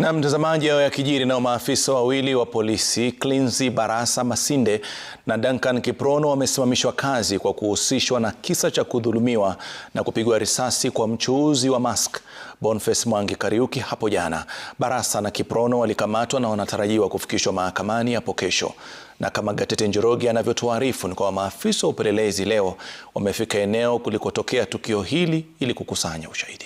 Na mtazamaji, hayo yakijiri, nao maafisa wawili wa polisi Clinzy Barasa Masinde na Duncan Kiprono wamesimamishwa kazi kwa kuhusishwa na kisa cha kudhulumiwa na kupigwa risasi kwa mchuuzi wa mask Boniface Mwangi Kariuki hapo jana. Barasa na Kiprono walikamatwa na wanatarajiwa kufikishwa mahakamani hapo kesho. Na kama Gatete Njoroge anavyotuarifu ni kwamba maafisa wa upelelezi leo wamefika eneo kulikotokea tukio hili ili kukusanya ushahidi.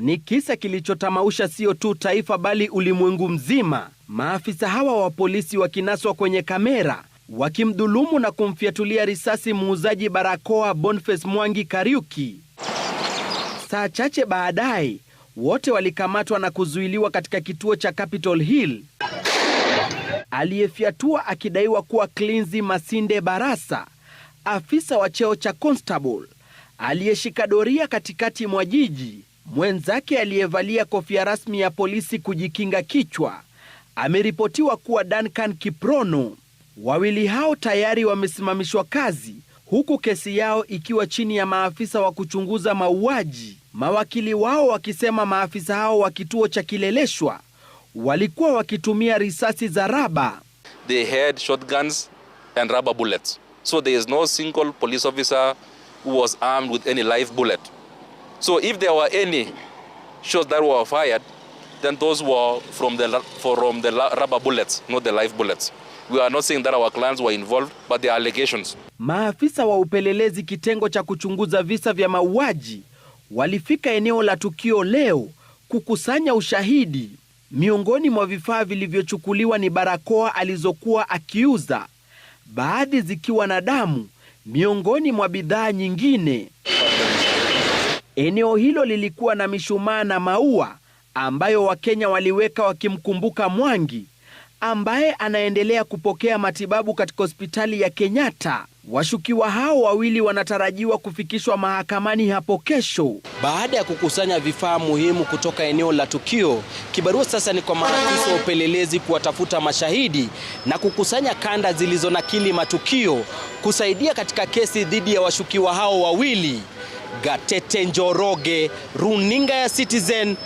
Ni kisa kilichotamausha sio tu taifa bali ulimwengu mzima. Maafisa hawa wa polisi wakinaswa kwenye kamera wakimdhulumu na kumfyatulia risasi muuzaji barakoa Boniface Mwangi Kariuki. Saa chache baadaye wote walikamatwa na kuzuiliwa katika kituo cha Capitol Hill. Aliyefyatua akidaiwa kuwa Klinzi Masinde Barasa, afisa wa cheo cha constable aliyeshika doria katikati mwa jiji Mwenzake aliyevalia kofia rasmi ya polisi kujikinga kichwa ameripotiwa kuwa Duncan Kiprono. Wawili hao tayari wamesimamishwa kazi huku kesi yao ikiwa chini ya maafisa wa kuchunguza mauaji. Mawakili wao wakisema maafisa hao wa kituo cha Kileleshwa walikuwa wakitumia risasi za raba. They had shotguns and rubber bullets. So there is no single police officer who was armed with any live bullet. So if there were any shots that were fired, then those were from the, from the rubber bullets, not the live bullets. We are not saying that our clients were involved, but the allegations. Maafisa wa upelelezi kitengo cha kuchunguza visa vya mauaji walifika eneo la tukio leo kukusanya ushahidi. Miongoni mwa vifaa vilivyochukuliwa ni barakoa alizokuwa akiuza, baadhi zikiwa na damu miongoni mwa bidhaa nyingine. Eneo hilo lilikuwa na mishumaa na maua ambayo Wakenya waliweka wakimkumbuka Mwangi ambaye anaendelea kupokea matibabu katika hospitali ya Kenyatta. Washukiwa hao wawili wanatarajiwa kufikishwa mahakamani hapo kesho. Baada ya kukusanya vifaa muhimu kutoka eneo la tukio, kibarua sasa ni kwa maafisa wa upelelezi kuwatafuta mashahidi na kukusanya kanda zilizonakili matukio kusaidia katika kesi dhidi ya washukiwa hao wawili. Gatete Njoroge, runinga ya Citizen